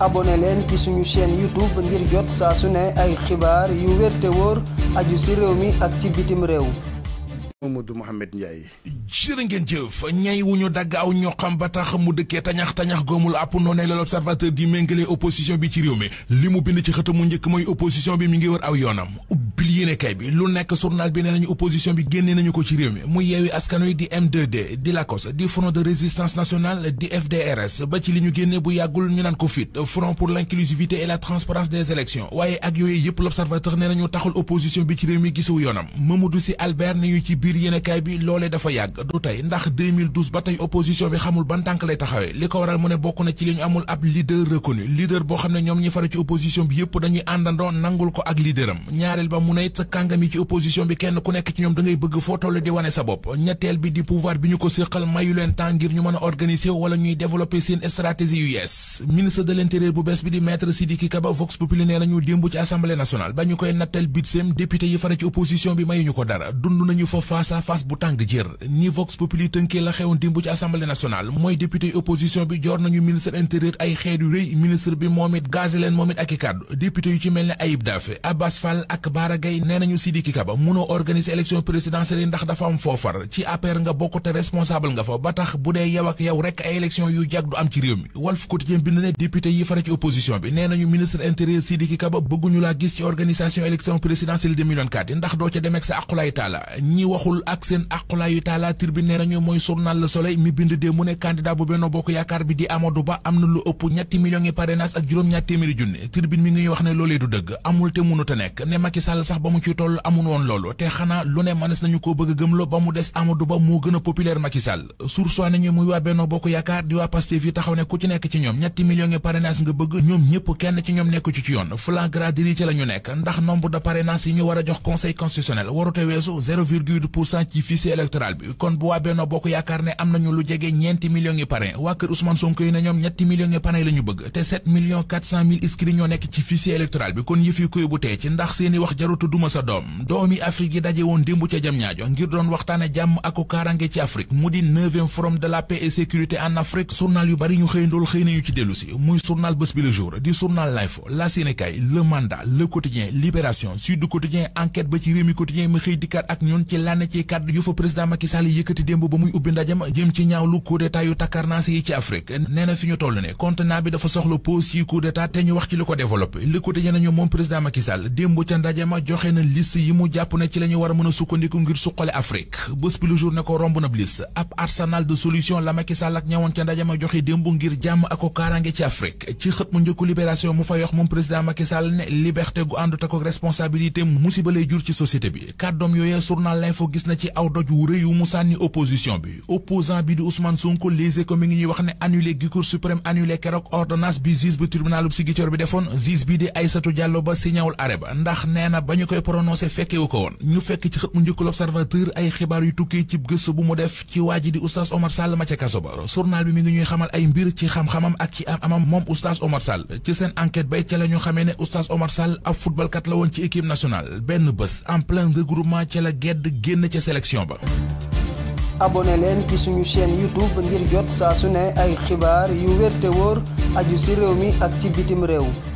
abonné leen ci suñu chaîne YouTube ngir jot saa su ne ay xibaar yu wér te aju si réew mi ak ci bitim réew. Mamadou Mouhamed Ndiaye. jërë ngeen jëf ñay wu ñu dagg aw ñoxam ba tax mu dëkkee tañax tañax goomul àpp noonee la l'observateur di méngale opposition bi ci réew mi li mu bind ci mu njëkk mooy opposition bi mi ngi wër aw yoonam. yéenekaay lu nekk journal bi nee nañu opposition bi génne nañu ko ci réew mi mu yeewi askan wi di M2D di di front de résistance nationale di FDRS ba ci li ñu génne bu yàggul ñu naan ko fit front pour l'inclusivité et la transparence des élections waaye ak yooyu yëpp l'observateur nee nañu taxul opposition bi ci réew mi gisu yoonam Mamadou Sy Albert ne ñu ci biir yéenekaay bi loolee dafa yàgg du tey ndax ba tey opposition bi xamul ban tànk lay taxawee sa kàngam yi ci opposition bi kenn ku nekk ci ñoom da ngay bëgg foo toll di wane sa bopp ñetteel bi di pouvoir bi ñu ko séqal mayu leen temps ngir ñu mën a organiser ñuy développer seen stratégie yu yees ministre de l'intérieur bu bees bi di maître Sidiki Kaba Vox Populi nee nañu démb ci assemblée nationale ba ñu koy nattal bitseem député yi fara ci opposition bi mayuñu ko dara dund nañu fa face à bu tàng jër ni Vox Populi tënkee la xewoon bi joor nañu ministre intérieur ay xeet yu moom it leen moom it ak i kàddu député yu ci mel ne Ayib nee nañu Sidiki Kaba munoo organiser élection présidentielle yi ndax dafa am foofar ci APR nga bokk te responsable nga fa ba tax bu dee yow ak yow rek ay élection yu jag du am ci réew mi Walf Quotidien bind ne député yi fare ci opposition bi nee nañu ministre intérieur Sidiki Kaba bëgguñu laa gis ci organisation élection présidentielle 2024 ndax doo ca demek sa aqulaayu taala ñi waxul ak seen aqulaayu taala tribune nee nañu sax ba mu ci toll amul woon loolu te xanaa lu ne mënees nañu koo bëgg gëmloo ba mu des Amadou Ba moo gën a populaire Macky Sall nañu muy waa Benno Bokk Yaakaar di waa Pastef yi taxaw ne ku ci nekk ci ñoom ñetti millions yi parrainage nga bëgg ñoom ñëpp kenn ci ñoom nekku ci ci yoon flagrant délit ci la nekk ndax nombre de parrainage yi ñu war a jox conseil constitutionnel warute weesu ci fichier électoral bi kon bu waa Benno Bokk Yaakaar ne am nañu lu duma sa doom doomi Afrique yi daje woon démb ca jam ñaajo ngir doon waxtaane jàmm aku kaarange ci Afrique mu di neuvième forum de la paix et sécurité en Afrique journal yu bari ñu xëyandool xëy nañu ci dellu si muy journal bés bi le jour di journal L'Info la Sénégal le mandat le quotidien libération Sud Quotidien enquête ba ci réew mi quotidien mi xëy dikkaat ak ñun ci lanne ci kàddu yu fa président Macky Sall yëkkati démb ba muy ubbi ndajam jëm ci ñaaw lu coup joxe na liste yi mu jàpp ne ci la ñu war a mën a sukkandiku ngir suqale Afrique bés bi le jour ne ko romb na liste ab arsenal de solution la Macky Sall ak ñawoon ca ndaje ma joxe démb ngir jàmm ak ko kaaraange ci Afrique ci xët mu njëkku libération mu fa yox moom président Macky Sall ne liberté gu àndut ak responsabilité musiba lay jur ci société bi kàddoom yooyee journal l'info gis na ci aw doj wu rëy wu mu sànni opposition bi opposant bi di Ousmane Sonko ngi ñuy wax ne annulé gi Cour suprême annulé bi juge bu tribunal bu Ziguinchor bi defoon juge bi koy prononcé fekkewu ko woon ñu fekk ci xët mu njëkk l'observateur ay xibaar yu tukkee cib gëstu bu mu def ci waa ji di oustaz Omar Sall ma ca kaso ba journal bi mi ngi ñuy xamal ay mbir ci xam-xamam ak ci amam moom oustaz Omar ci seen enquête bay ca la ñu xamee ne oustaz Omar Sall ab footballkat la woon ci équipe nationale benn bés en plein regroupement ca la gedd génn ca sélection ba abonné leen ci suñu chaîne youtube ngir jot saa su ne ay xibaar yu wér te wóor aju si réew mi ak ci bitim réew